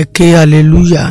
ẹ ké aleluya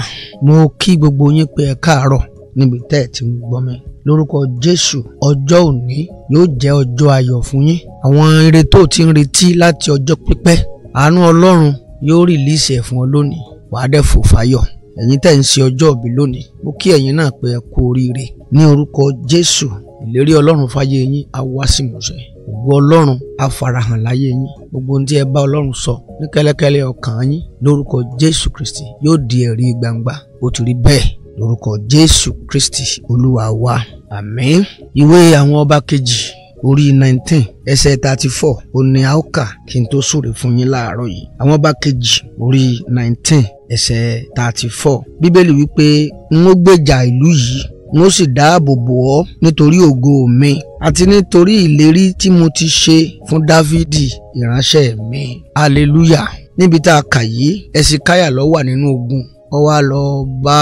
mo kí gbogbo yín pé ẹ káàárọ̀ níbi tẹ́ ẹ ti ń gbọ́ mi lórúkọ jésù ọjọ́ òní yóò jẹ́ ọjọ́ ayọ̀ fún yín àwọn ire tó ti ń retí láti ọjọ́ pípẹ́ àánú ọlọ́run yóò rìlíìsì ẹ̀ fún ọ lónìí wàá dẹ̀ fò fáyọ̀ ẹ̀yin tẹ́ ń ṣe ọjọ́ ìbí lónìí mo kí ẹ̀yin náà pé ẹ kú oríire ní orúkọ jésù ìlérí ọlọ́run fáyé yín á wá sí ìmúṣẹ ògo ọlọ́run á farahàn láyé yín gbogbo ohun tí ẹ bá ọlọ́run sọ ní kẹ́lẹ́kẹ́lẹ́ ọkàn yín lórúkọ jésù kristi yóò di ẹ̀rí gbangba ó ti rí bẹ́ẹ̀ lórúkọ jésù kristi olúwa wa àmín ìwé àwọn ọba kejì orí nineteen ẹsẹ̀ thirty four òní àókà kí n tó súre fún yín láàárọ̀ yìí àwọn ọba kejì orí nineteen ẹsẹ̀ thirty four bíbélì wípé n ó gbèjà ìlú yìí n ó sì dáàbò bò ọ́ nítorí ògo mi àti nítorí ìlérí tí mo ti ṣe fún Dáfídì ìránṣẹ́ mi aleluya níbi tá a kà yìí ẹsikáyà ló wà nínú ogun ó wá lọ bá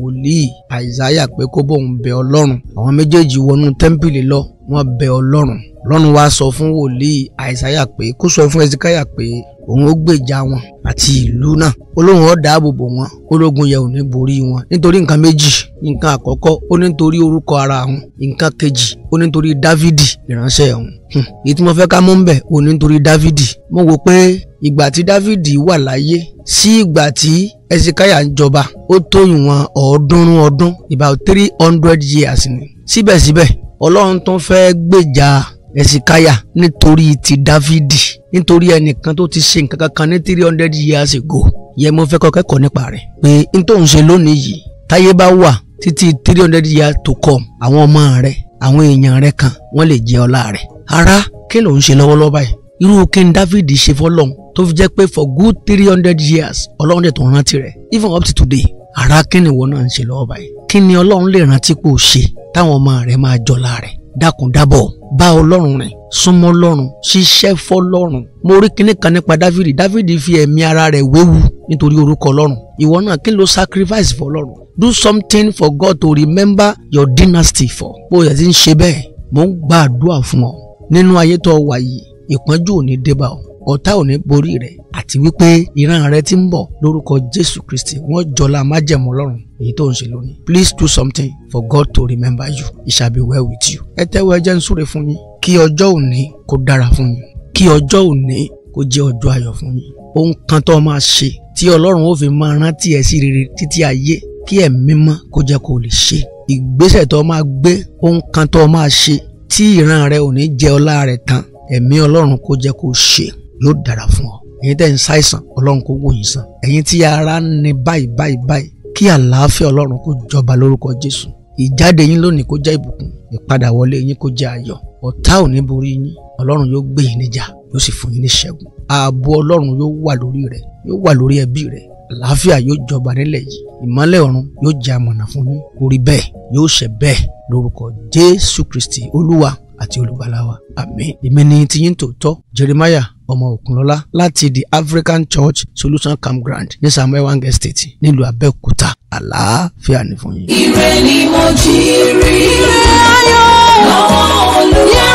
wòlíì àìsáyà pé kó bóun bẹ ọlọ́run àwọn méjèèjì wọnú tẹ́ḿpìlì lọ wọ́n bẹ ọlọ́run ọlọ́run wá sọ fún wòlíì àìsáyà pé kó sọ fún ẹsikáyà pé òun ó gbèjà wọn àti ìlú náà olóhùn ó dáàbò bò wọn ológun yẹ ò ní borí wọn nítorí nǹkan méjì nǹkan àkọ́kọ́ ó nítorí orúkọ ara òun nǹkan kejì ó nítorí dávidi ìránṣẹ́ òun hmm. èyí tí mo fẹ́ ká mú bẹ̀ ó nítorí dávidi mo wò pé ìgbà tí dávidi wà láyé sí ìgbà tí ẹsikáyà ń jọba ó tó ìwọ̀n ọ̀ọ́dúnrún ọdún about three hundred years ni síbẹ̀síbẹ̀ ọlọ́run tún fẹ́ gbèjà ẹ̀sìkáyà nítorí ti dávidi nítorí ẹnìkan tó ti ṣe nǹkan kankan ní three hundred years ago yẹn mo fẹ́ kọ́ kẹ́kọ̀ọ́ nípa rẹ̀ pé n tó ń ṣe lónìí yìí táyé bá wà títí three hundred years to come àwọn ọmọ rẹ̀ àwọn èèyàn rẹ̀ kan wọ́n lè jẹ ọlá rẹ̀ ara kí ló ń ṣe lọ́wọ́lọ́wọ́ báyìí irú kí n david ṣe fọlọ́n tó fi jẹ́ pé for good three hundred years ọlọ́run dẹ̀ tó rántí rẹ̀ even up to today ara kí ni ìwọ náà ń ṣe lọ́wọ́ báyìí kí ni ọlọ́run lè rántí pé ó ṣe táwọn ọmọ rẹ̀ máa jọlá rẹ̀ dákundábọ̀ bá ọlọ́run rìn súnmọ́ ọlọ́run ṣiṣẹ́ fọlọ́run mo rí kinní kan nípa dávidi dávidi fi ẹ̀mí ara rẹ̀ wéwu nítorí orúkọ ọlọ́run ìwọ náà kí ló sacrifice for fọlọ́run do something for God to remember your dynasty for bó o yẹ ti ń ṣe bẹ́ẹ̀ mò ń gbàdúrà fún ọ nínú ayé tó wà yìí ìpọ́njú ò ní débà ọ́ ọ̀tá ò ní borí rẹ̀ àti wípé ìran rẹ ti ń bọ̀ lórúkọ Jésù Kristi wọ́n jọlá májẹ̀mú Ọlọ́run èyí tó ń ṣe lónìí please do something for God to remember you it shall be well with you. ẹ tẹ́wọ́ ẹjẹ́ ń súre fún yín kí ọjọ́ òní kó dára fún yín kí ọjọ́ òní kó jẹ́ ọjọ́ ayọ̀ fún yín ohun kan tó máa ṣe tí Ọlọ́run ó fi máa rántí ẹ sí rere títí ayé kí ẹ mímọ́ kó jẹ́ kó lè ṣe ìgbésẹ̀ tó máa gbé ohun kan tó máa ṣe tí ìran rẹ ò jẹ ọlá rẹ tán ẹ̀mí ọlọ́run kó jẹ́ kó ṣe yóò dára fún ọ ẹ̀yin tẹ́ ń ṣàìsàn ọlọ́run kó wò yín sàn ẹ̀yin tí ara ń ni báyìí báyìí báyìí kí àlàáfíà ọlọ́run kó jọba lórúkọ jésù ìjáde yín lónìí kó jẹ́ ìbùkún ìpadàwọlé yín kó jẹ́ ayọ̀ ọ̀tá ò ní borí yín ọlọ́run yóò gbé yín níjà yóò sì fún yín ní ṣẹ́gun ààbò ọlọ́run yóò wà lórí rẹ yóò wà lórí ẹbí rẹ àlàáfíà yóò jọba nílẹ̀ yìí ìmọ́lẹ̀ ọ̀run yóò jẹ́ àmọ̀nà fún yín kó bẹ́ẹ̀ yóò ṣe bẹ́ẹ̀ lórúkọ jésù kristi olúwa àti olùgbàlà wa àmín èmi ni tiyín tòótọ́ jeremiah ọmọ òkunlọ́lá láti the african church solution campground ní samuel wange estate nílùú abẹ́òkúta àlàáfíà ní fún yín. ire ni mo jí rí ayọ̀ lọ́wọ́ olùyẹ.